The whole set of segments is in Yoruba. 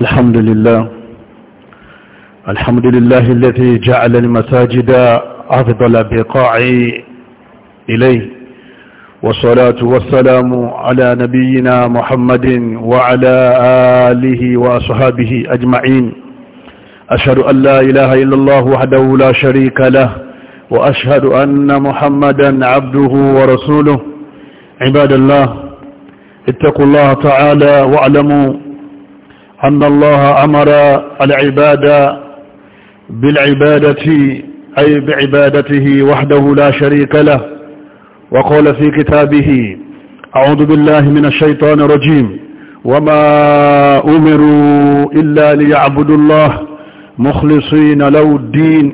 الحمد لله الحمد لله الذي جعل المساجد أفضل بقاع إليه والصلاة والسلام على نبينا محمد وعلى آله وأصحابه أجمعين أشهد أن لا إله إلا الله وحده لا شريك له وأشهد أن محمدا عبده ورسوله عباد الله اتقوا الله تعالى واعلموا أن الله أمر العباد بالعبادة أي بعبادته وحده لا شريك له وقال في كتابه أعوذ بالله من الشيطان الرجيم وما أمروا إلا ليعبدوا الله مخلصين له الدين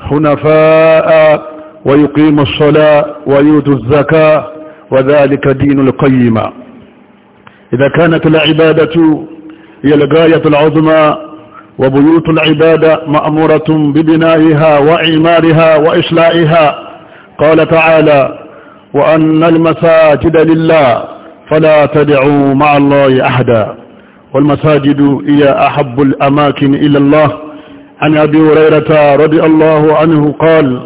حنفاء ويقيموا الصلاة ويؤتوا الزكاة وذلك دين القيمة إذا كانت العبادة هي الغاية العظمى وبيوت العبادة مأمورة ببنائها وإعمارها وإشلائها قال تعالى وأن المساجد لله فلا تدعوا مع الله أحدا والمساجد هي أحب الأماكن إلى الله عن أبي هريرة رضي الله عنه قال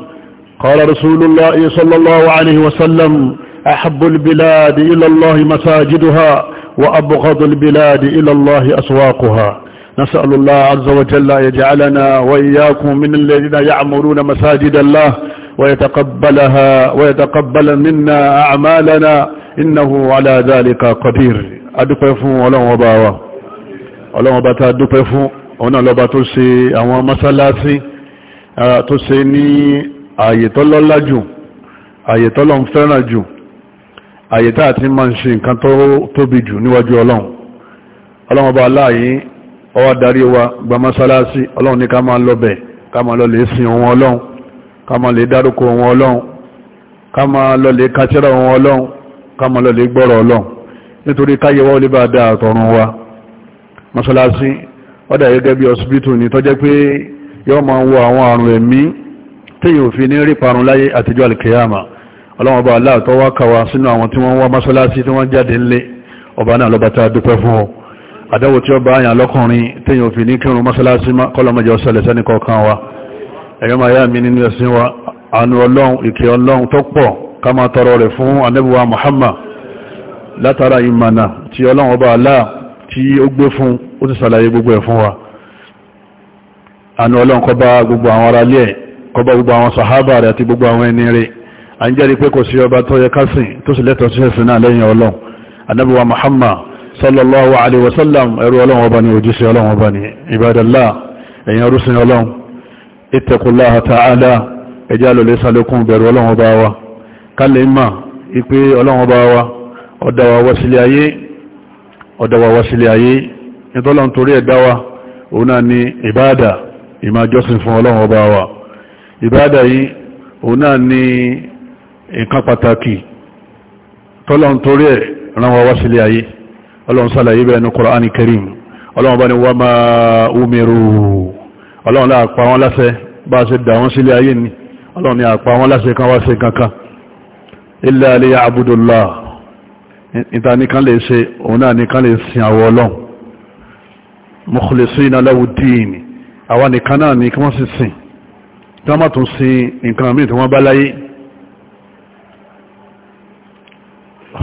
قال رسول الله صلى الله عليه وسلم أحب البلاد إلى الله مساجدها وأبغض البلاد إلى الله أسواقها نسأل الله عز وجل يجعلنا وإياكم من الذين يعمرون مساجد الله ويتقبلها ويتقبل منا أعمالنا إنه على ذلك قدير أدقفوا ولو وباوا ولو وباتا أدقفوا ọ̀nà lọba tó ṣe àwọn mọ́sálásí tó ṣe ní àyètọ́lọ́lá jù àyètọ́lọ́ fẹ́ràn jù àyè tá àti máa ń ṣe nǹkan tó tóbi jù níwájú ọlọ́run ọlọ́run ọba aláàyè ọwá darí wa gba mọ́sálásí ọlọ́run ní ká máa lọ́bẹ̀ ká máa lọ lè sin ohun ọlọ́run ká máa lè dárúkọ ohun ọlọ́run ká máa lọ lè ohun ọlọ́run ká máa lọ gbọ́rọ̀ ọlọ́run nítorí káyé ni tọ́jẹ́ pé yọ́ máa ń wo àwọn àrùn ẹ̀mí téèyàn ọlọ́wọ́n ọba aláàtọ́ wá kàwá sínú àwọn tí wọ́n wá mọ́sálásí tí wọ́n jáde ńlé ọba náà lọ́ba tá a dúpẹ́ fún ọ àdáwò tí ó bá àyàn lọ́kùnrin téèyàn òfin ní kírun mọ́sálásí kọ́lọ́mọjọ sọlẹ̀ sẹ́ni kọ̀ọ̀kan wa ẹ̀yọ́ Muhammad látara ìmànà tí ọlọ́run ọba aláà tí ó gbé fún ó ti sàlàyé gbogbo ẹ̀ fún wa àánú ọlọ́run kó bá a ń jẹ́rí pé kò sí ọba tó yẹ kásìn tó sì lẹ́tọ̀ sí ẹ̀sìn náà lẹ́yìn ọlọ́run anábíwa muhammad sallallahu alaihi wasallam ẹrú ọlọ́run ọba ni òjíṣẹ́ ọlọ́run ọba ni ibadallah ẹ̀yin rúsìn ọlọ́run ittaqullaha ta'ala ẹjá ọlọ́run ọba wa kálẹ̀ ìmà ipé ni nǹkan pàtàkì tọ́lọ́n torí ẹ̀ ràn wá wá sílé ayé ọlọ́run sálàyé bẹ̀rẹ̀ ní Kùránì Karim ọlọ́run bá ní wá máa umiru ọlọ́run láàpá wọn láṣẹ bá ṣe dà wọn sílé ayé ni ọlọ́run ni àpá wọn láṣẹ kan wá ṣe kankan illa liya'budullah ìta nìkan lè ṣe òun náà nìkan lè sin àwọ ọlọ́run ni kí wọ́n sì sìn tí wọ́n má tún sin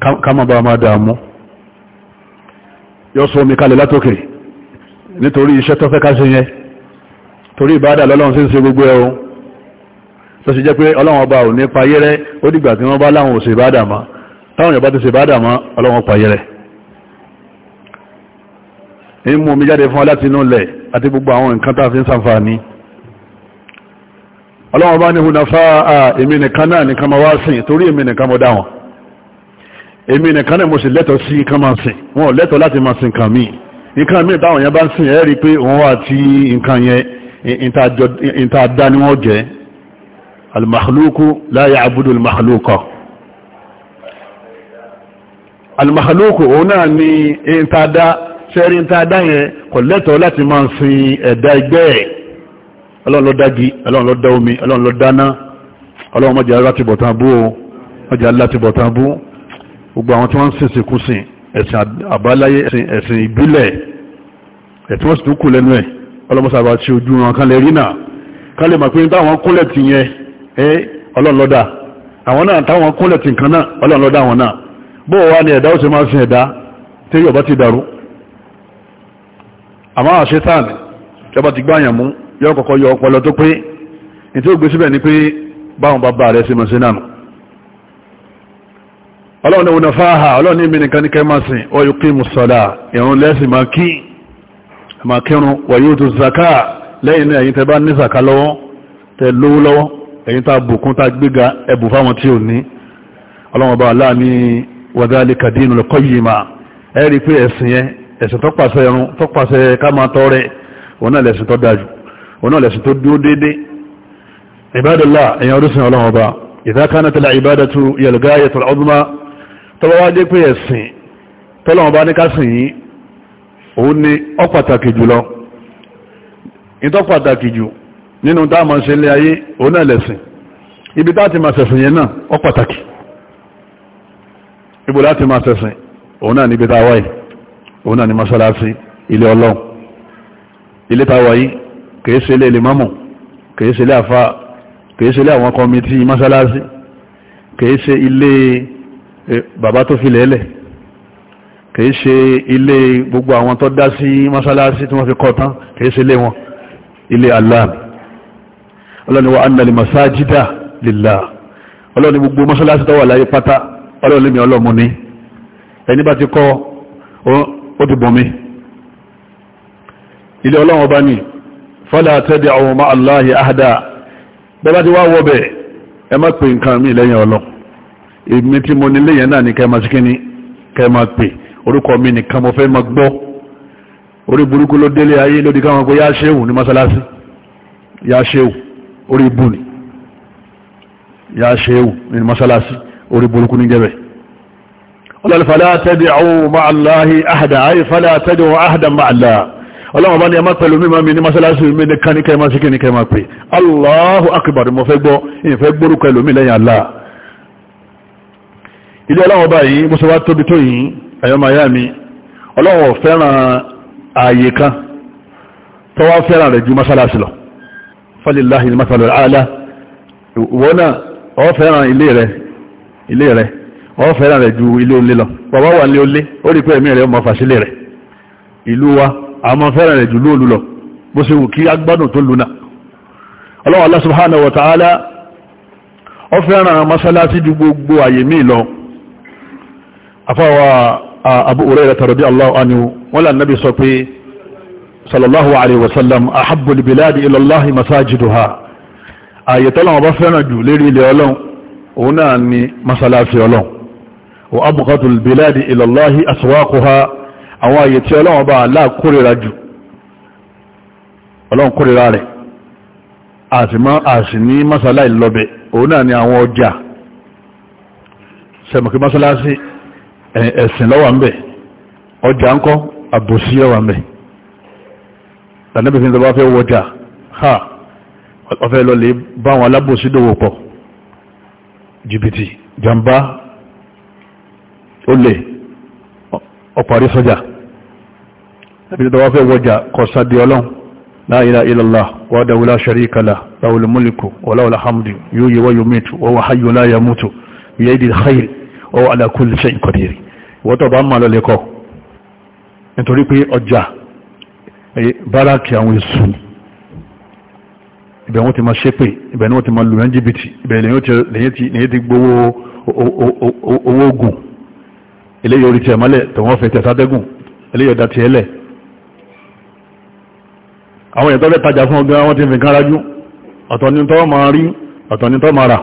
Kama bá máa dààmú yóò sọ omi kalẹ̀ látòkè nítorí iṣẹ́ tó fẹ́ ká ṣe yẹn torí ìbádà lọ́lọ́run sí ń ṣe gbogbo ẹ̀hún tó sì jẹ́ pé ọlọ́run ọba ò ní payé rẹ́ ó dìgbà tí wọ́n bá láwọn ò ṣe ìbádà mọ́ táwọn ìyọ̀bá ti ṣe ìbádà mọ́ ọlọ́run payé rẹ̀ ń mú omi jáde fún aláti inú lẹ̀ àti gbogbo àwọn nǹkan tá fi ń sàǹfààní ọlọ́run bá ní hunafa èmi nìkan náà nìkan máa wá sìn torí èmi nìkan mọ́ dá èmi nìkan náà mo sì lẹ́tọ̀ọ́ sí nǹkan máa sìn wọn ò lẹ́tọ̀ọ́ láti máa sìn nǹkan míì nǹkan míì táwọn yẹn bá ń sìn ẹ́ rí i pé òun wà tí nǹkan yẹn ìta dá ni wọ́n jẹ́ al-makhluku la ya'budu al-makhluka al-makhluku òun náà ni ìta dá sẹ́rí ìta dá yẹn kò lẹ́tọ̀ọ́ láti máa sìn ẹ̀dá ẹgbẹ́ ẹ̀ ọlọ́run ló dági ọlọ́run ló dá omi ọlọ́run ló dáná ọlọ́run mọ̀jà látìbọ̀tán bú gbogbo àwọn tí wọ́n ń sèse kú sìn ẹ̀sìn àbáláyé ẹ̀sìn ìbílẹ̀ ẹ̀tí wọ́n sì tún kù lẹ́nu ẹ̀ ọlọ́mọsàbà tí ojú wọn kan lè rí náà kan lè mọ̀ pé táwọn kúnlẹ̀ tì yẹn ẹ́ ọlọ́ọ̀lọ́dà àwọn náà táwọn kúnlẹ̀ tì kan náà ọlọ́ọ̀lọ́dà wọn náà bó wá ní ẹ̀dá ó sì ọlọ́run ìwọ̀n fáhà ọlọ́run ìmì nìkan ní kẹmàsìn wọ́n yóò kí mùsọ̀lá ìrún lẹ́sìn ma kí ma kírun wọ́n yóò tó zaka lẹ́yìn ẹ̀yin tẹ bá ní zaka lọ́wọ́ tẹ lówó lọ́wọ́ ẹ̀yin tá bùkún tá gbéga ẹbù fáwọn tí ò ní ọlọ́run bá láàmì wadhalika dinul qayyima ẹ rí pé ẹ̀sìn yẹn ẹ̀sìn tó pàṣẹ ẹrun tó pàṣẹ ibadatu hiya uzma tọ́lọ́wájé pé ẹ̀sìn tọ́lọ́wọ́n bá ní kásìn yìí òun ni ọ pàtàkì jùlọ ìtọ́ pàtàkì jù nínú tá a máa ṣe ilé ayé òun náà lẹ̀sìn ibi tá ti máa yẹn náà ọ pàtàkì láti máa ṣẹ̀sìn òun náà níbi tá a wáyé náà ni masalasi ilé ọlọ́run ilé tá a wáyé kìí ṣe ilé limamu kìí ṣe ilé àfa kìí ṣe ilé àwọn kọmitì mọ́ṣáláṣí kìí ṣe ilé Eh, bàbá tó fi lẹ́lẹ̀ kìí ṣe ilé gbogbo àwọn tó dá sí mọ́sálásí tí wọ́n fi kọ́ tán kìí ṣe ilé wọn ilé Allah ọlọ́ni wa annal masajida lillah ọlọ́ni gbogbo mọ́sálásí tó wà láyé pátá ọlọ́ni mi ọlọ́mù ní ẹni bá ti kọ́ ó ti bọ̀ mí ilé ọlọ́wọ́ bá ní fala tad'u ma'a Allahi ahada bẹ́bá ti wá wọ́bẹ̀ ẹ má èmi tí mo nílé yẹn náà ní kẹ́ẹ̀mà sí kíní kẹ́ẹ̀mà pè orúkọ mi nìkan mo fẹ́ ma gbọ́ orí burúkú ló délé ayé lórí káwọn pé yá ṣéwù ní mọ́sálásí yá ṣéwù orí ibù ni yá ṣéwù ní mọ́sálásí orí burúkú ní jẹ́bẹ̀ ọlọ́lẹ́fàlá tad'u ma'a Allahi ahada ayé fàlá tad'u ahadan ma'a Allah ọlọ́wọ́ bá ní ẹmá pẹ̀lú mímọ́ mi ní mọ́sálásí mi ní káníkẹ́ máa sí kíníkẹ́ pè Allahu akbar mo fẹ́ gbọ́ ìfẹ́ gbórúkọ ẹlòmí lẹ́yìn Allah ilé ọlọ́wọ́ báyìí bó ṣe wá tóbi tó yìí àyọ́mà yá mi ọlọ́wọ́ fẹ́ràn ààyè kan tó wá fẹ́ràn rẹ̀ ju mọ́sálásí lọ falillahi masalul ala wọ́n náà ọ fẹ́ràn ilé rẹ̀ ilé rẹ̀ ọ fẹ́ràn rẹ̀ ju ilé olé lọ bàbá wà ní olé ó rí pé ẹ̀mí rẹ̀ gbogbo àyè lọ afáwa abu hurairah radiyallahu anhu wọ́n lè nábi sọ pé sallallahu alaihi wasallam ahabbul biladi ilallahi masajiduha ààyè tọ́lọ́wọ́ bá fẹ́ràn jù lérí ilẹ̀ ọlọ́run òun náà ni masalasi ọlọ́run wa abqatul biladi ilallahi aswaquha àwọn ààyè tí ọlọ́run bá aláàkórira jù ọlọ́run kórira rẹ̀ àti má àṣì ní masalai lọ́bẹ̀ òun náà ni àwọn ọjà sẹ̀mọ̀kí masalasi ẹ̀sìn lọ́wọ́ ń bẹ̀ ọjà ń kọ́ àbòsí lọ́wọ́ ń bẹ̀ lànàbìfin tó bá fẹ́ wọjà ha ọfẹ́ lọ lè bá àwọn alábòsí dòwò pọ̀ jìbìtì jàmbá olè ọparí sọ́jà lànàbìfin tó bá fẹ́ wọjà kọ sáde ọlọ́run la ilaha illallah wahdahu la sharika lahu lahul mulku wa lahul hamdu yuhyi wa yumitu wa huwa hayyun la yamutu biyadihil khayr wọ́tọ̀ bá máa lọlẹ̀ kọ́ nítorí pé ọjà báràkì àwọn èsù ibẹ̀ wọ́n ti máa ṣépè ibẹ̀ wọ́n ti máa lù jìbìtì ibẹ̀ lẹ́yìn ti gbowó owó ogun eléyìí orí tí ẹ̀ mọ́lẹ̀ tọ̀wọ́n fẹ́ tẹ̀sádẹ́gùn eléyìí ọ̀dà tí ẹlẹ̀ àwọn èèyàn tó lẹ́ tajà fún ọgbẹ́ wọn ti fi kán rájú ọ̀tọ̀ ni tó máa rí ọ̀tọ̀ ni tó máa rà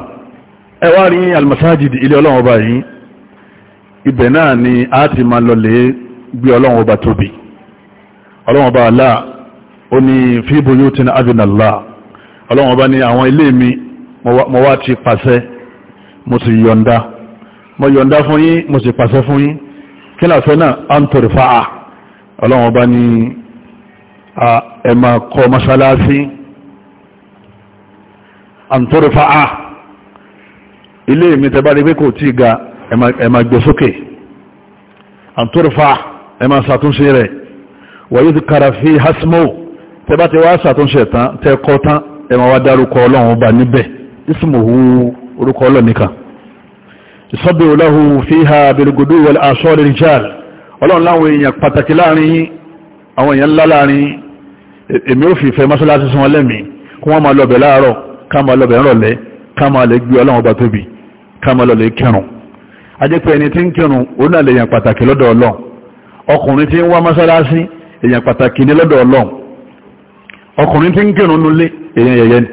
ẹ wá rí almasajid ilé ọlọ́run ọba yìí ibẹ̀ náà ni a ti máa lọlẹ̀ gbé ọlọ́run ọba tóbi ọlọ́run ọba aláà ó ní fi buyutin adinallah ọlọ́run ọba ní àwọn ilé mi mo wá ti pàṣẹ mo sì yọ̀ǹda mo yọ̀ǹda fún yín mo sì pàṣẹ fún yín kí làṣẹ náà antori fa'a ọlọ́run ọba ní ẹ máa kọ́ mọ́ṣáláṣí antori fa'a ilé mi tẹ́ rí pé kò tí ga ẹ máa gbé sókè àtúrfà ẹ máa ṣàtúnṣe rẹ̀ wàyí kàrà fi hasmo tẹ bá ti wá ṣàtúnṣe tán tẹ kọ tán ẹ máa wá dárúkọ ọlọ́run bá níbẹ̀ ismuhu orúkọ ọlọ́run nìkan ìsọ́bẹ̀ òláhù fi ha belgodo wọlé aṣọ́ rẹ̀ ríjáàlì ọlọ́run láwọn èèyàn pàtàkì láàrin àwọn èèyàn ńlá láàrin èmi ò fi fẹ́ mọ́sálásí sí wọn máa lọ bẹ̀ láàárọ̀ ká máa lọ bẹ̀ ń rọ̀lẹ́ ká máa lè gbé ọlọ́run ọba tóbi ká máa lọ lè kẹrùn ajẹ́pẹ́ ẹni tí ń kírun òun náà lè yàn pàtàkì lọ́dọ̀ ọlọ́run ọkùnrin tí ń wá mọ́sálásí èyàn pàtàkì ní lọ́dọ̀ ọlọ́run ọkùnrin tí ń kírun nulé èyàn yẹ̀yẹ́ ni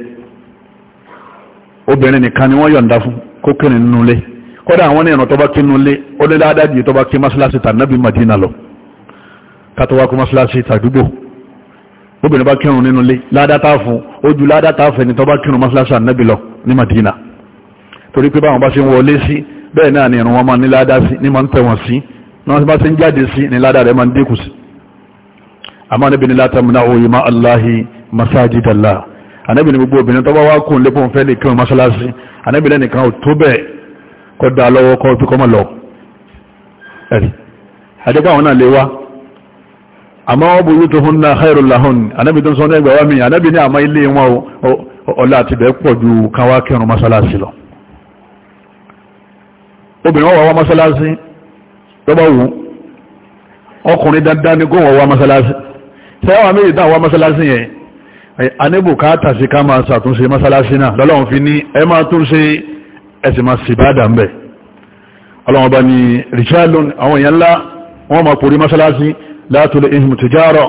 obìnrin nìkan ni wọ́n yọ̀ǹda fún kó kírun nulé kódà àwọn ènìyàn tó bá kí nulé ó lé dáadáa tó bá kí mọ́sálásí Madina lọ kátó wá kó mọ́sálásí tàdúgbò obìnrin bá kírun nínú lé ládátá fún ojú ládátá fún ẹni tó bá kírun mọ́sálásí ànábì Madina torí pé báwọn bá bẹ́ẹ̀ náà ni ìrun wọn máa ní ládá sí ní máa ń tẹ̀wọ̀n sí ní wọ́n bá ti ń jáde sí ní ládá rẹ̀ máa ń dínkù sí àmọ́ níbi ni látàmúná òye má aláhi masajidala anábìnrin gbogbo obìnrin tó bá wá kún lépò fẹ́ lè kírun mọ́ṣáláṣí anábìnrin nìkan ò tó bẹ́ẹ̀ kọ́ da lọ́wọ́ kọ́ fi kọ́ mọ́ lọ ẹ̀rí àdẹ́gbà àwọn obìnrin wọ́n wá mọ́sálásí lọ́bọ̀ wù ọkùnrin dandan ní kóhùn wá mọ́sálásí sẹ́wọ́n méjì tán wá mọ́sálásí yẹn anébùkátà sí ká máa ṣàtúnṣe mọ́sálásí náà lọ́lọ́run fi ní ẹ máa túnṣe ẹ̀sìn máa sì bá dà ń bẹ̀ ọlọ́run bá ní richardson business, èèyàn ńlá wọ́n máa pòrí mọ́sálásí látòlẹ̀ ihun tìjárọ̀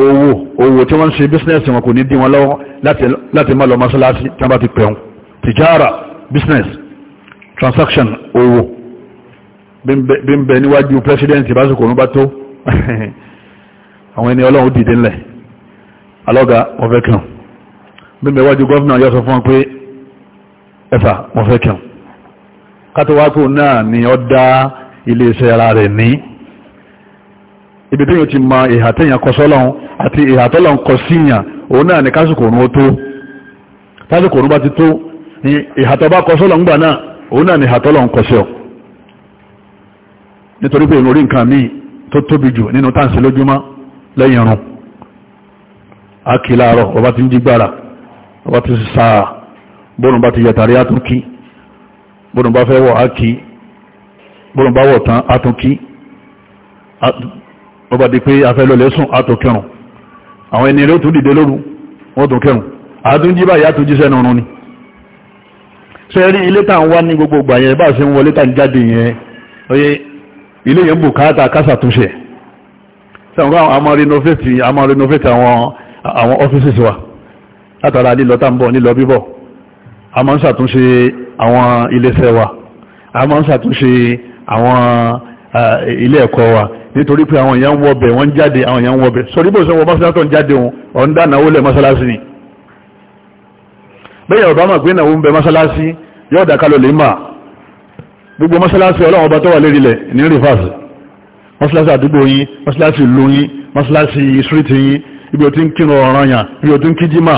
owó owó tí wọ́n transaction owó bí ń bẹ níwájú president ìbásokò ní bá tó àwọn ẹni ọlọ́run dìde ńlẹ̀ alọ́gà wọ́n fẹ́ kírun bí ń bẹ wájú gọ́ọ̀nà yọ́ sọ fún wọn pé ẹfà wọ́n fẹ́ náà ni ọ dá iléeṣẹ́ ara rẹ̀ ní ibi tí yóò ti ma ìhà tẹ́yàn àti ìhà tọ́lọ́run òun náà ni kásìkò òun ó tó kásìkò òun bá ti tó ìhà tọ́ bá kọ sọ́lọ́run náà òun náà ni àtọ́lọ̀ ń kọsẹ́ ọ nítorí pé ìrìn orí nǹkan míì tó tóbi jù nínú táǹsì lójúmọ́ lẹ́yìn ọ̀run ákì láàárọ̀ ọba ti ń jígbára ọba ti sáà bóòrùn bá ti yàtàrí átúnkí bóòrùn bá fẹ́ wọ̀ ákì bóòrùn bá wọ̀ tán átúnkí ọba di pé afẹ́lọ́lẹ́sùn átòkẹrùn àwọn ẹni rẹ̀ tún dìde lóru wọ́n tún kẹrùn àtúnjí báyìí átúnjí sẹ́nu ọ̀run ṣe rí ilé tàn wá ní gbogbo ìgbà yẹn bá ṣe ń wọlé tàn jáde yẹn oye ilé yẹn bùkátà kásà túnṣe sẹ́wọ̀n a máa renovate a máa renovate àwọn àwọn offices wa látara lílọ tàn bọ̀ nílọ bíbọ̀ a máa ń ṣàtúnṣe àwọn iléeṣẹ́ wa a máa ń ṣàtúnṣe àwọn ilé ẹ̀kọ́ wa nítorí pé àwọn èèyàn ń wọbẹ̀ wọ́n jáde àwọn èèyàn ń wọbẹ̀ sọ bó ṣe wọ mọ́sálásí jáde òun ọ̀ ń dánáwó lẹ̀ mọ́sálásí ni bẹ́yẹ̀ ọba máa gbé ìnáwó ń bẹ mọ́sálásí yóò dá kálọ̀ lè máa gbogbo mọ́sálásí ọlọ́run ọba tó wà lérí lẹ̀ ní rìfáàsì mọ́sálásí àdúgbò yín mọ́sálásí ìlú yín mọ́sálásí ìsírìtì yín ibi ò ti ń kírun ọ̀ràn yàn ibi ò ti ń kí jímà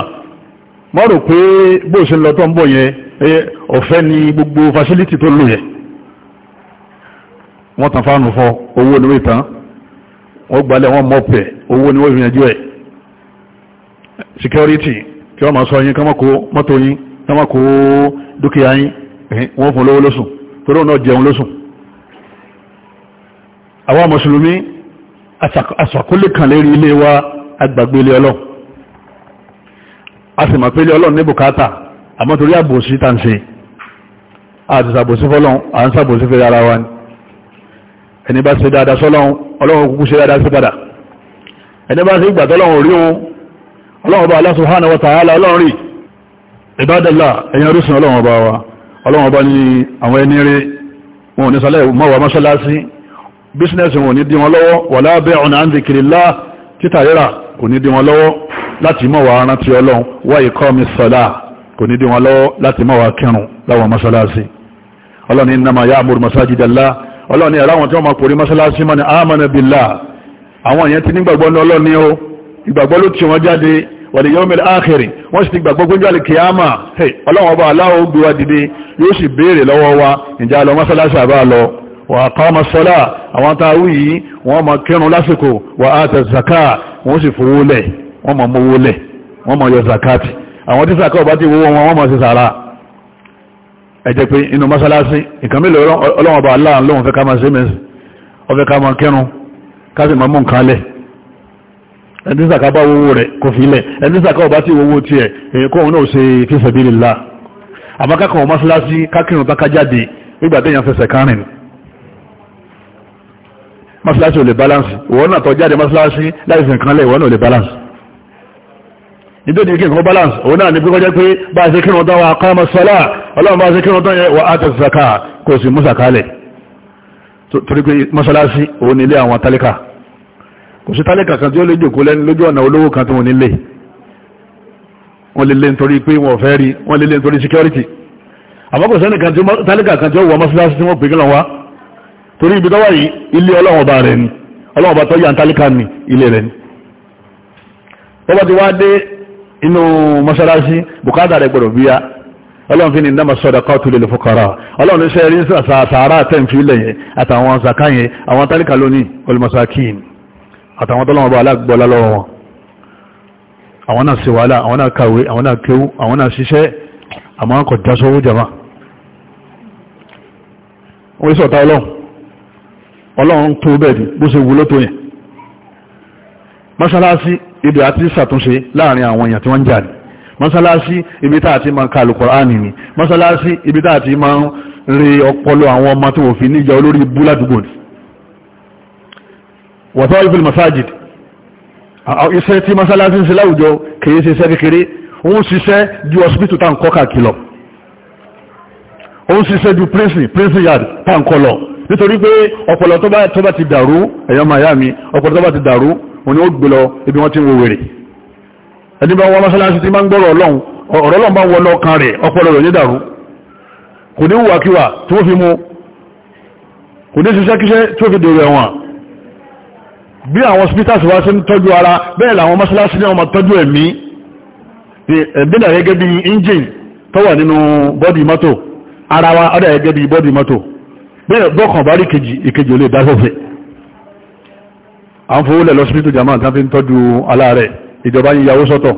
security tí wọ́n máa sọ yín kọ́mọ́kó mọ́tò yín kọ́mọ́kó dúkìá yín wọ́n fún lówó lóṣùn torí òun náà jẹun lóṣùn àwọn mùsùlùmí àṣàkólé kan lérí ilé wa agbàgbé ilé ọlọ́run a sì mọ̀ pé ilé ọlọ́run ní bùkátà àmọ́ torí àbòsí tà ń ṣe àti ṣàbòsí fọ́lọ́run à ń ṣàbòsí ẹni bá ṣe dáadáa sọ́lọ́run ọlọ́run kúkú ṣe dáadáa sí padà ẹni bá ṣe ìgbà tọ́lọ́run orí òun ọlọ́run ọba Allah subhanahu wa ta'ala ọlọ́run rí ìbádẹ́lá ẹ̀yìn orísun ọlọ́run ọba wa ọlọ́run ọba ní àwọn ẹni rí wọn ní sálẹ̀ mọ́wàá mọ́ṣálásí bísínẹ́sì wọn ní dí wọn lọ́wọ́ wala bai'un an dhikrillah títà rírà kò ní dí wọn lọ́wọ́ láti mọ́wàá rántí ọlọ́run wa iqamis salah kò ní dí wọn lọ́wọ́ láti mọ́wàá kírun láwọn mọ́ṣálásí ọlọ́run innama ya'muru masajidallah ọlọ́run ìgbàgbọ́ ló ti wọn jáde wal yawmil akhir wọ́n sì ti gbàgbọ́ gbójú àlìkìyàmà ọlọ́wọ́ bá aláwọ̀ gbé wa dìde yóò sì béèrè lọ́wọ́ wa ìjà lọ mọ́sálásí àbá lọ wà qama salat àwọn táwí yìí wọ́n máa kírun lásìkò wà ata zaka wọ́n sì fowó lẹ̀ wọ́n máa mówó lẹ̀ wọ́n máa yọ zakati àwọn tí zaka ọba ti wó wọn wọ́n máa ṣe sàrà ẹ̀jẹ̀ pé inú mọ́sálásí ìkan mélòó ọlọ́wọ́ bá aláwọ̀ lóhun fẹ́ ká máa ṣe mẹ́sì ọ fẹ́ ká máa kírun ká sì máa mú nǹkan lẹ̀ ẹni sàkà bá owó rẹ̀ kò fi ilẹ̀ ẹni sàkà ọba tí owó tí ẹ̀ èyí kọ́ òun náà ṣe fi sabilillah àbákákan ọmọ síláṣí kákìrùn tán kájáde nígbà téèyàn fẹsẹ̀ kárìn mọ́síláṣí ò lè balance ìwọ náà tọ́ jáde mọ́síláṣí láì fi nǹkan lẹ̀ ìwọ náà ò lè balance nítorí kí nǹkan balance òun náà ní pé kọjá pé bá a ṣe kírun tán wa aqama salat ọlọ́run bá a ṣe kírun tán yẹ wà á tẹ̀sí sàkà kò sì mú sàkà lẹ̀ torí pé mọ́síláṣí òun ní ilé àwọn tálíkà kò sí tálẹ́kà kan tí ó lè jòkó lẹ́nu lójú ọ̀nà olówó kan tí wọ́n nílé wọ́n lè lé nítorí pé wọ́n fẹ́ rí wọ́n lè lé nítorí security àbákò sẹ́ni kan tí tálẹ́kà kan tí ó wọ mọ́síláṣí tí wọ́n pè kílọ̀ wá torí ibi tọ́wà yìí ilé ọlọ́run ọba rẹ̀ ni ọlọ́run ọba tọ́yà tálẹ́kà ni ilé rẹ̀ ni tọ́wọ́ ti wá dé inú mọ́sálásí bùkátà àtàwọn tọ́lọ́wọ́ bá alágbọ́lá lọ́wọ́ wọn àwọn náà ṣe wàhálà àwọn náà kàwé àwọn náà kéwú àwọn náà ṣiṣẹ́ àmọ́ kò já sówó jama wọ́n sọ̀tá ọlọ́run ọlọ́run tó bẹ́ẹ̀dì bó ṣe wúlò tó yẹn mọ́ṣáláṣí ibi àti ṣàtúnṣe láàrin àwọn èèyàn tí wọ́n ń jà ní mọ́ṣáláṣí ibi tá àti máa ń ka ni mọ́ṣáláṣí ibi tá àti máa ń rí ọpọlọ àwọn ọmọ tó wò níjà olórí ibú ni wọ̀tọ́ ìfìlì masajid iṣẹ́ tí masalasi ń ṣe láwùjọ kìí ṣe iṣẹ́ kékeré òun ṣiṣẹ́ ju hospital tá ń kọ́ kàkìlọ̀ òun ṣiṣẹ́ ju prison prison yard tá ń kọ́ lọ ọpọlọ tó bá ti dàrú ẹ̀yọ́ miami ọpọlọ tó bá ti dàrú òun ni ó ibi wọ́n ti ń wo wèrè ẹni bá wọ́n masalasi ti máa ń gbọ́rọ̀ ọlọ́run ọ̀rọ̀ ọlọ́run bá wọlọ́ kan rẹ̀ ọpọlọ rẹ̀ ní dàrú kò ní wùwàkiwà tí wọ́n fi mú kò ní ṣiṣẹ́ tí ó fi dèrò ẹ̀wọ̀n bí àwọn hospitals wá sí ń tọ́jú ara bẹ́ẹ̀ làwọn mọ́sálásí ní ọmọ tọ́jú ẹ̀mí ẹ̀bínà gẹ́gẹ́ bí engine tó wà nínú body mọ́tò ara wa ọdá gẹ́gẹ́ bí bọ́dì mọ́tò bẹ́ẹ̀ bọ́kàn bá rí kejì ìkejì olè dáfẹ́fẹ́ àwọn fowólẹ̀ lọ́sípítù jama tán fi ń tọ́jú aláàrẹ̀ ìjọba yíyàwó sọ́tọ̀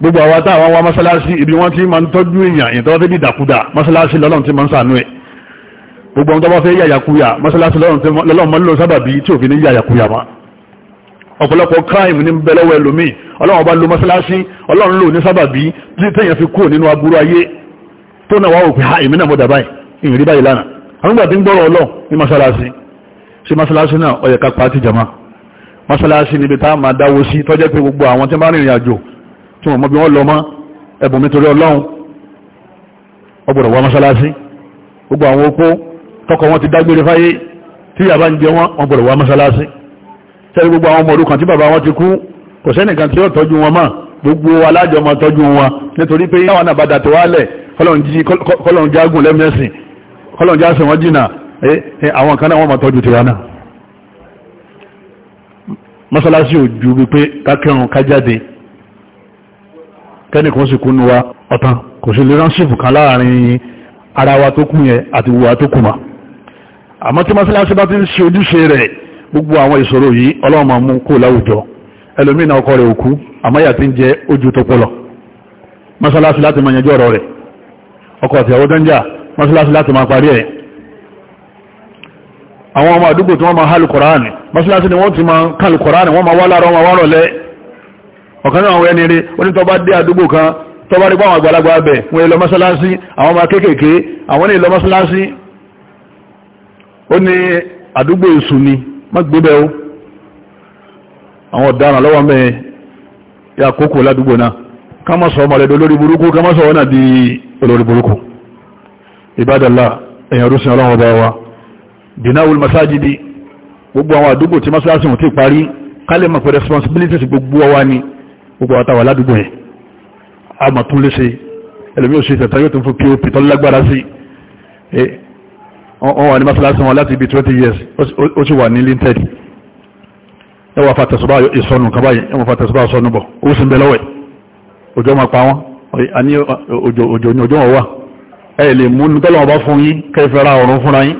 gbogbo àwọn táwọn wá mọ́sálásí ibi wọ́n ti máa ń tọ́jú èèyàn ìtọ́jú ìdàkúdà mọ́sálásí lọ́lọ́run ti máa ń sànú ẹ̀ gbogbo ọmọ tó bá fẹ́ yàyàkúyà mọ́sálásí lọ́lọ́mọ lọ sábàbí tí òfin ní yàyàkúyà ma ọ̀pọ̀lọpọ̀ crime ní bẹ̀lẹ́wẹ̀ lómi ọlọ́run bá lo mọ́sálásí ọlọ́run lò ní sábàbí tí tẹ́yàn fi kúrò nínú aburú ayé tó náà wáwò pé ha èmi náà mọ́dà báyìí ìrìn báyìí lánàá àwọn ìgbà tí ń gbọ́rọ̀ ọlọ́ ní mọ́sálásí sí mọ́sálásí náà ó yẹ ká pa ti jama mọ́sálásí níbi tá máa dáwó sí tọ́jẹ́ pé gbogbo àwọn tí máa rìnrìn àjò tí wọ́n mọ́ bí wọ́n lọ mọ́ ẹ̀bùn mi torí ọlọ́run ọgbọ̀dọ̀ wá mọ́sálásí gbogbo àwọn opó tọkọ wọn ti dágbére fáyé tí yàbá ń jẹ wọn wọn gbọ́dọ̀ wá mọ́sálásí tẹ́lẹ̀ gbogbo àwọn ọmọ òrukàn tí bàbá wọn ti kú kò sẹ́nìkan tí ó tọ́jú wọn mọ́ gbogbo alájọmọ tọ́jú wọn nítorí pé yáwọn náà bàdà tó wálẹ̀ kọlọ̀n jágùn lẹ́mẹ́sìn kọlọ̀n jásìn wọn jìnà àwọn kan náà wọ́n mọ̀ tọ́jú tiwa náà mọ́sálásí ò ju wípé kákẹrùn ara wa tó kù yẹn àti wùwà tó kù àmọ́ tí mọ́sálásí bá ti ń ṣe ojúṣe rẹ̀ gbogbo àwọn ìṣòro yìí ọlọ́run máa mú kó láwùjọ ẹlòmínà ọkọ rẹ̀ òkú àmáyà ti ń jẹ ojú tó pọlọ mọ́sálásí láti máa yanjú ọ̀rọ̀ rẹ̀ ọkọ àti dánjà mọ́sálásí láti máa parí ẹ̀ àwọn ọmọ àdúgbò tí wọ́n máa hálù kọ̀ránì mọ́sálásí ni wọ́n ti máa kálù kọ̀ránì wọ́n máa wá láàárọ̀ wọn wá rọ̀lẹ́ ọ̀kan náà wẹ́ni rí onítọ́bá dé àdúgbò kan tọ́bá rí pàwọn àgbàlagbà bẹ̀ wọ́n ilọ mọ́sálásí àwọn ọmọ kéékèèké àwọn ilọ mọ́sálásí ó ní àdúgbò èṣù ni má gbé bẹ́ẹ̀ àwọn ọ̀daràn lọ́wọ́ mẹ́ ya kókò ládúgbò náà ká má sọ ọmọlẹ́dọ̀ lórí burúkú ká má di olórí burúkú ìbádàlá èyàn rúsìn ọlọ́wọ́ bá wa dinawul masajidi gbogbo àwọn àdúgbò tí masalasi wọn ti parí kálẹ̀ mọ̀ pé responsibilities gbogbo wa ni gbogbo àtàwà ládùgbò yẹn wọ́n wà ní masalasi wọn láti ibi 20 years ó sì wà ní linted ẹ wà fàtẹ̀sọ́bá ìsọnù kàbáyé ẹ wà fàtẹ̀sọ́bá ìsọnù bọ̀ ó sì ń bẹ lọ́wọ́ òjò máa pa wọn àní òjò ní òjò wọn wà ẹ lè mú ní tọ́lọ́wọ́ bá fún yín kẹfẹ́ra ọ̀run fúnra yín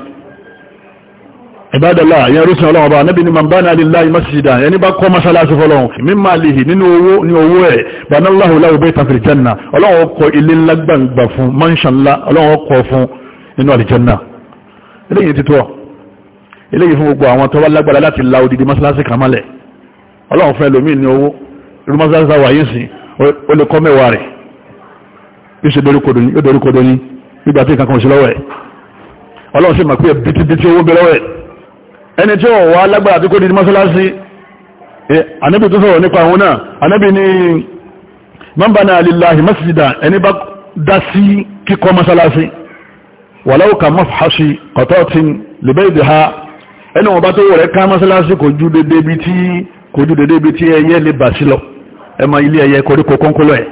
ìbádọ́lá yẹn rúsùn ọlọ́wọ́ bá níbi ni màmbá náà lílá ìmọ̀síjìdá ẹni bá kọ́ mọ́sálásí fọlọ́hún mímọ́ àlèyé nínú owó ní owó ẹ̀ banáláhùn láwùbẹ́ tàfẹ́ ìjẹ́nà ọlọ́wọ́ kọ ilé ńlá gbàǹgbà fún mọ́ńṣánlá ọlọ́wọ́ kọ fún nínú àlìjẹ́nà eléyìí ti tó ọ eléyìí fún gbogbo àwọn tó wá lágbára láti la odidi mọ́sálásí kan mọ́lẹ̀ ọlọ́run fún ẹlòmíì ní owó irú mọ́sálásí táwa yìí sìn ó lè kọ́ mẹ́wàá rẹ̀ yóò ṣe dorí kodo ní nígbà tí kankan ò sí lọ́wọ́ ẹ̀ ọlọ́run sì mọ̀ pé bìtìbìtì owó bẹ ẹ̀ ẹni tí ó wá lágbára àti kó di mọ́sálásí anábì tó sọ̀rọ̀ nípa àwọn náà anábì ní man bana masjida ẹni bá dá sí kíkọ́ mọ́sálásí wàláwò ka mọ́fàṣí ọ̀tọ́tín lèbẹ́ìdì ha ẹni wọ́n bá tó wọ̀ rẹ̀ ká mọ́sálásí kò ju dédé bí tí kò ju dédé bí tí ẹyẹ lè bà sí lọ ẹmọ ilé ẹyẹ koríko kọ́ńkọ́lọ́ ẹ̀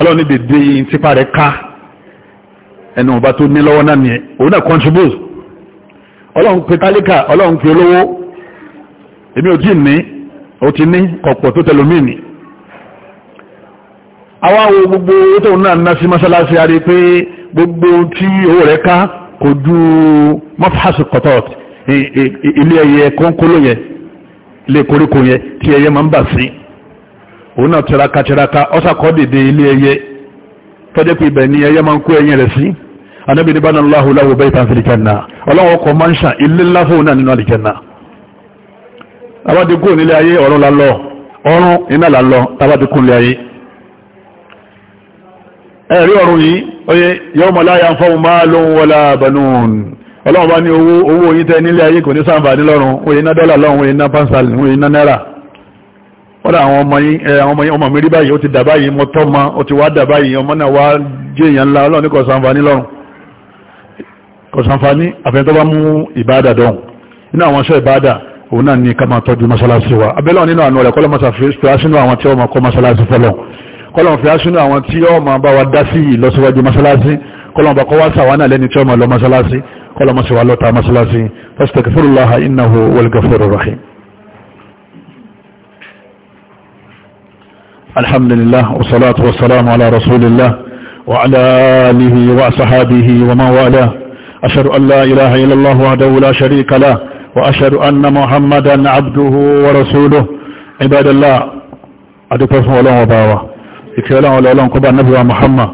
ọlọ́run ní dédé tipa rẹ̀ ká ẹni wọ́n bá tó ní lọ́wọ́ náà nìyẹn òun náà ọlọ́run pe awáwo gbogbo owó tó náà ná sí mọ́sálásí a rí pé gbogbo tí owó rẹ̀ ká kò ju mọ́fàásù kọ̀tọ̀ ilé ẹyẹ kónkóló yẹn ilé koríko yẹn tí ẹyẹ máa ń bà sí òun náà tiraka tiraka ọ́sàkọ́ dìde ilé ẹyẹ tọ́jẹ́ pé ibẹ̀ ni ẹyẹ máa ń kó ẹyẹ rẹ̀ sí anábì ní bánà láhùn láhùn bẹ́ẹ̀ tàn fìlì jẹ́nà ọlọ́wọ́ kọ máa ń ṣàn ilé ńlá náà nínú àlìjẹ́nà tàbádìkú nílé ayé ọ̀run la ọ̀run iná la lọ nílé ayé ẹ̀rí ọ̀run yìí oye yọ́ mọ̀ láyá fọ́ málùn wọlá banun ọlọ́run bá ní owó owó yìí tẹ́ nílé ayé kò ní sáàbà ní lọ́run oye ná dọ́là lọ́run oye ná pánsal oye ná náírà wọ́n àwọn ọmọ yìí ọmọ yìí ọmọ mi rí báyìí ó ti dà báyìí mo tọ́ ma ó ti wá dà báyìí ọmọ náà wá jẹ́ èèyàn ńlá ọlọ́run kò sàǹfààní lọ́run kò àfẹ́ntọ́ bá mú ìbáadà kọ́lọ̀ fi aṣínú àwọn tí ó máa bá wa dá sí ìlọsíwájú masalasi kọ́lọ̀ bá kọ́ wá sàwánà lẹ́ni tí ó máa lọ masalasi kọ́lọ̀ mọ́ sí wa lọ́ta masalasi fastagfirullaha innahu wal ghafurur rahim alhamdulillah wa salatu wa salamu ala rasulillah wa ala alihi wa sahabihi wa man wala ashhadu an la ilaha illa allah wahdahu la sharika lah wa ashhadu anna muhammadan abduhu wa rasuluhu ibadallah adúpẹ́ fún ọlọ́run ọba wa ìfẹ́ ọlọ́run ọlọ́run kọba anábíwa Muhammad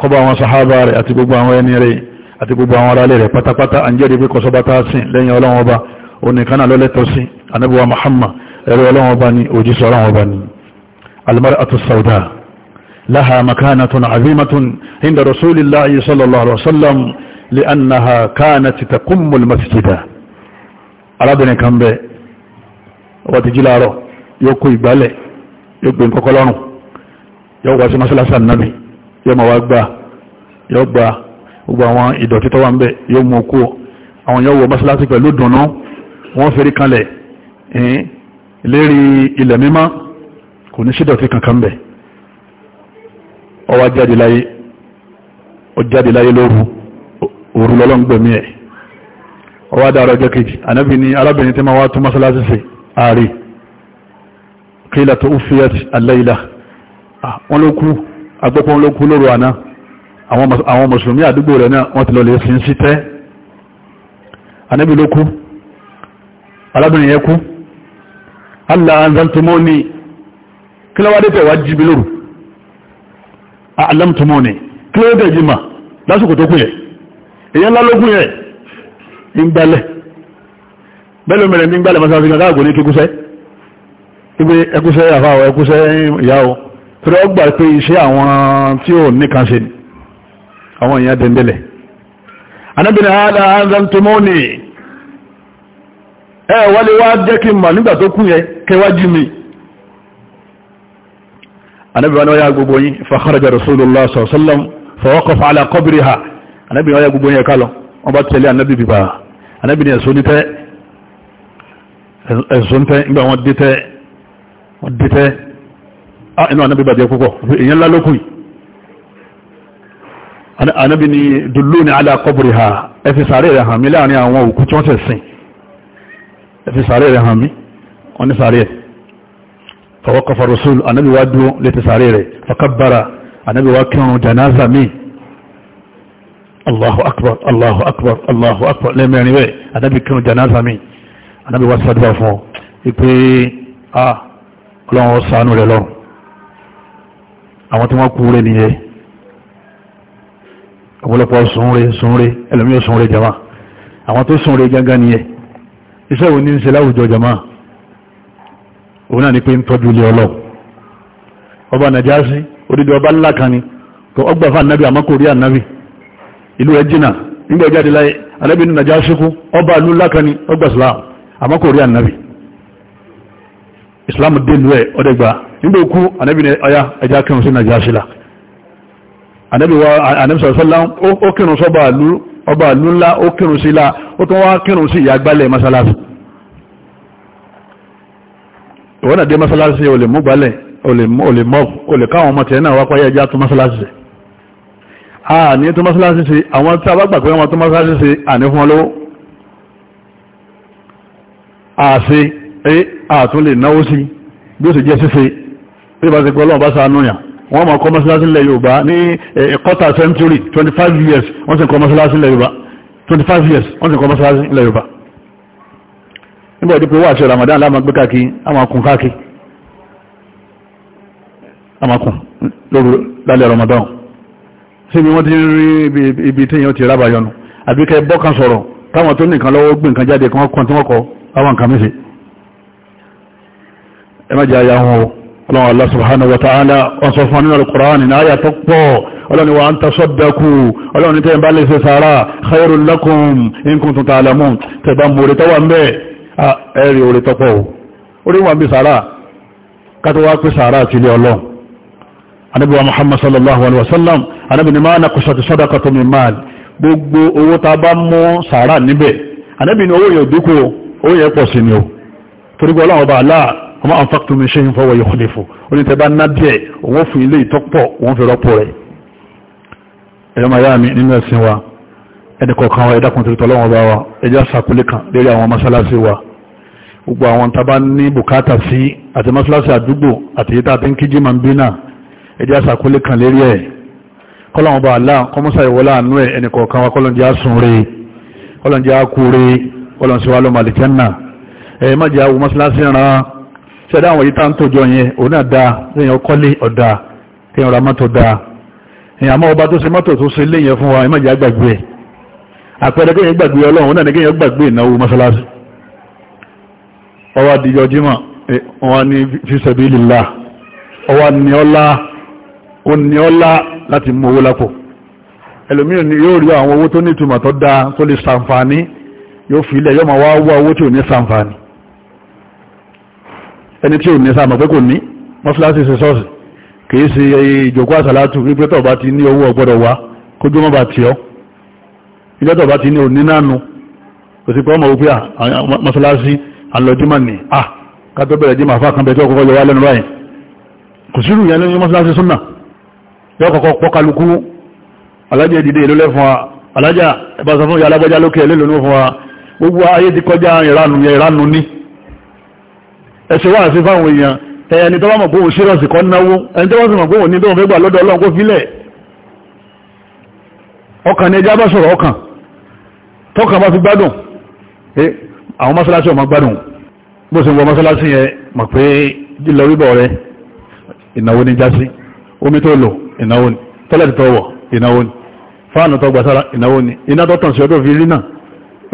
kọba àwọn sahaba rẹ̀ àti gbogbo àwọn ẹni rẹ̀ àti gbogbo àwọn aráàlẹ̀ rẹ̀ pátápátá à ń jẹ́rìí pé kọsọba tá a sìn lẹ́yìn yóò wá sí masalasa nabi yóò ma wá gbà yóò gbà gbogbo àwọn ìdọ̀tí tó wà ń bẹ̀ yóò mú kú àwọn yóò wọ masalasi pẹ̀lú dùnú wọ́n fẹ́rí kalẹ̀ lérí ilẹ̀ mímọ́ kò ní sídọ̀tí kankan bẹ̀ ọwá jáde láyé ó jáde láyé lóru òru lọ́lọ́ngbẹ̀mí ẹ̀ ọwá dára ọjọ́ kejì anábì ni arábìnrin tí ma wá tún masalasi sí ààrí kí tó ń fiyàtì aláìlá Ah, wọ́n ló kú agbọ́pọ̀ ló kú lóru àná àwọn mùsùlùmí àdúgbò rẹ̀ náà wọ́n ti lọ lè sin sí tẹ́ anábì ló kú alábìnrin yẹ kú allah anzaltumuni kí ló wá dé tẹ̀wá jíbi lóru alamtumuni ah, kí ló dé jìmà lásìkò tó kú yẹ ńlá ló torí ó gbà pé iṣẹ́ àwọn tí ó nìkan ṣe àwọn èèyàn dẹ̀ndẹ̀lẹ̀ anábìnrin àádá anzan tó mọ́ ní ẹ wálé wá jẹ́ kí mà nígbà tó kún yẹ kẹwàájú mi anábìnrin ọya gbogbo yín fàkàràjà rasulullah sallam fọwọ́kọ̀fà ala qabriha anábìnrin ọya gbogbo yín ẹ̀ká lọ wọ́n bá tẹ̀lé anábì bíbá anábìnrin ẹ̀sùn tẹ́ ẹ̀sùn tẹ́ nígbà Ah, inú anábì bàjẹ́ púpọ̀ èyàn ńlá lókùn anábì ni dùlú ni alákọ̀bùrì ha ẹfi sàárè rẹ̀ hàn mí láàrin àwọn òkú tí wọ́n tẹ̀ sìn ẹfi sàárè rẹ̀ hàn mí wọ́n ní sàárè fọwọ́kọ̀fà rasul anábì wá dúró létí sàárè rẹ̀ fakabbara anábì wá kírun janaza mi allahu akbar allahu akbar allahu akbar lẹ́mẹ̀rin bẹ́ẹ̀ anábì kírun janaza mi anábì wá sàdúrà fún ipe ah ọlọ́run sànú rẹ̀ lọ́rùn àwọn tí wọ́n kú rẹ̀ nìyẹn ọ̀pọ̀lọpọ̀ sunre sunre ẹlòmíì sunre jama àwọn tó sunre gángan nìyẹn iṣẹ́ wo ní ń ṣe láwùjọ jama òun náà ni pé ń tọ́jú ilé ọlọ́ ọba Nàjàsí odidi ọba ńlá kan ni tó ọgbà fún ànábì àmọ́ kò rí ànábì ìlú ẹ̀ jìnnà nígbà jáde láyé anábì ní Nàjàsí kú ọba ìlú ńlá kan ni ọgbà Islam àmọ́ kò rí ànábì Islam dé ìlú ẹ̀ ọdẹ nígbà òkú ànábì ní ọya ẹja kírun sí nàìjíríà sílá ànábì wa ànábì sọ̀rọ̀sọ́lá ó kírun sọ́bà ọba àlú ńlá ó kírun sílá ó tún wá kírun sí ìyàgbálẹ̀ masalasi ìwọ́n náà dé masalasi ó lè mú gbálẹ̀ ó lè mọ́ ó lè káwọn ọmọ tẹ̀ náà wá páyé ẹja tún masalasi sí a ní tún masalasi sí àwọn tí a bá gbà pé wọn tún masalasi sí àní fún wọn lówó àṣe àtún lè náwó sí bí ó sì jẹ́ síse bí bá ti gbọ́ lọ́wọ́ bá sànú yàn wọ́n ma kọ́ mọ́sálásí ilẹ̀ Yorùbá ní eh, eh, quarter century 25 years wọ́n sì kọ́ mọ́sálásí ilẹ̀ Yorùbá 25 years wọ́n sì kọ́ mọ́sálásí ilẹ̀ Yorùbá nígbà ìdípò wà ṣe Ramadan láàmà gbé káàkì àmàkùn káàkì àmàkùn lóru lálẹ́ Ramadan síbi jẹ́ àyà wọn o ọlọ́run Allah subhanahu wa ta'ala wọ́n sọ fún nínú al-Qur'an ní àyà tó pọ̀ ọlọ́run wa an tasaddaqu ọlọ́run tẹ́ bá lè ṣe sàárà khairul lakum in kuntum ta'lamun tẹ́ bá múrí tọ́wà ń bẹ́ ẹ̀rì orí tọ́pọ̀ orí wà bí sàárà kátó wá pé sàárà ti lé ọlọ́run anábíwa Muhammad sallallahu alaihi wasallam anábí ni máa naqasat sadaqatu min mal gbogbo owó ta bá mú sàárà níbẹ̀ anábí ni owó yẹn dínkù owó yẹn pọ̀ ni o torí gbọ́ ọlọ́run ọba ọmọ anfaqtum min shay'in fahuwa yukhlifu onítẹ̀bá ná díẹ̀ òun fún ilé ìtọ́pọ̀ òun fi mi nínú ẹ̀sìn wa ẹni kọ̀ọ̀kan wa wa ẹjá sàkúlé kan lérí àwọn mọ́sálásí wa gbogbo àwọn tábà ní bùkátà sí àti mọ́sálásí àdúgbò àti yíta àti nkíjí máa ń bí náà ẹjá sàkúlé kan lérí ẹ̀ kọ́lọ́wọ́n bá àlá kọ́mọ́sá ìwọlá àánú ẹ̀ ẹni kọ̀ọ̀kan wa kọ́lọ́njẹ́ àsùn rèé kọ́lọ́njẹ́ jẹ́ àwọn mọ́sálásí ṣẹ̀dá àwọn ìta ń tójọ yẹn òun náà dáa lẹ́yìn ọkọ́lé ọ̀dà kẹyìn ọ̀rọ̀ mọ́tò dáa èyàn àmọ́ ọba tó ṣe mọ́tò tó ṣe léyìn fún wa ìmọ̀já gbàgbé ẹ̀ àpẹẹrẹ kéyìn gbàgbé ọlọ́run náà ní kéyìn gbàgbé ìnáwó mọ́ṣáláṣí ọwá dìjọ jímọ̀ wọn ni fisabilillah ọwá ní ọlá ó ní ọlá láti mú owó lápò ẹlòmíràn ni yóò rí ẹni tí ò ní sáà mọ̀ pé kò ní mọ́sálásí ṣe sọ́ọ̀sì kìí ṣe ìjòkó àsàlátù wípé tọ̀ọ̀bá ti ní owó ọgbọ́dọ̀ wá kójú mọ́ bá ti ọ́ ilé tọ̀ọ̀bá ti ní òní nánu kò sí pọ́ mọ̀ wípé mọ́sálásí alọ́júmọ̀ ní à kátó bẹ̀rẹ̀ jí màfá kan bẹ̀ tí ọkọ̀ yọ wá lẹ́nu báyìí kò sí rù yẹn lóyún mọ́sálásí súnà yọ kọ̀kọ́ pọ́kálukú gbogbo ayé ti kọjá ìranù yẹn ìranù ní ẹ̀ṣẹ̀ wà sí fáwọn èèyàn ẹni tó bá mọ̀ gbóhùn sírọ̀sì kan náwó ẹni tó bá sì mọ̀ gbóhùn ní tóhùn fẹ́ lọ́dọ̀ ọlọ́run fílẹ̀ ọkàn ni ẹjá bá sọ̀rọ̀ ọkàn tọ́kàn bá fi gbádùn àwọn mọ́sálásí ọmọ gbádùn bó sì ń wọ mọ́sálásí yẹn mọ̀ pé lílọ ríbọ̀ rẹ ìnáwó ní jásí omi tó lò ìnáwó ni tọ́lẹ̀tì tọ́wọ̀ ìnáwó ni fáànù tó gbàsára ìnáwó ni iná tó tàn sí ọdún fi rí náà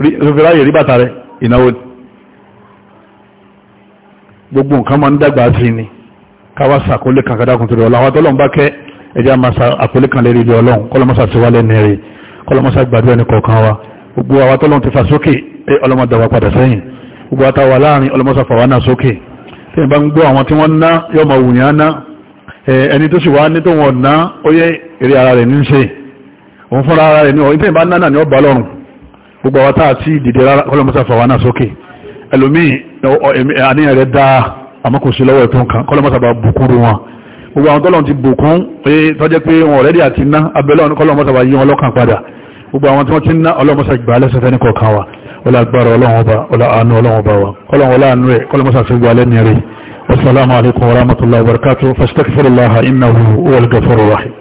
fi rí bàtà rẹ ìnáwó ni gbogbo nǹkan máa ń dàgbà sí ni káwá sàkólé kan kádàkùn tó lọ àwọn tọ́lọ́n bá kẹ́ ẹjá máa sa àkólé kan lérí ilé ọlọ́run kọ́lọ́mọ́sá ti wá lẹ́nu rẹ̀ kọ́lọ́mọ́sá gbàdúrà ní kọ̀ọ̀kan wa gbogbo àwọn tọ́lọ́n ti fa sókè ẹ ọlọ́mọdàwà padà sẹ́yìn gbogbo àtàwà láàrin ọlọ́mọ́sá fà wá náà sókè tí ìbá ń gbọ́ àwọn tí wọ́n ná yọ ma wùnyá ná ẹni tó sì wá ní tó wọn ná ó yẹ èrè ara rẹ̀ ní ṣe òun fúnra ara rẹ̀ ní ọ̀yìn tí ìbá ná náà ni ó bá gbogbo àwọn táà tí ìdìdì rárá ọlọ́mọ́sá fà wá náà sókè ẹlòmíì àníyàn rẹ̀ dáa àmọ́ kò sí lọ́wọ́ ẹ̀tọ́ kan kọ́lọ́mọ́sàbà bùkúrú wọn gbogbo àwọn tọ́lọ̀ ti bùkún pé tọ́jẹ́ pé wọn ọ̀rẹ́dì àti ná abẹ́lọ́ kọ́lọ́mọ́sàbà yí wọn lọ́kàn padà gbogbo àwọn tí wọ́n ti ná ọlọ́mọ́sà gbà kọ̀ọ̀kan wa ọlá agbára ọlọ́run àánú ọlọ́run wa kọ́lọ́run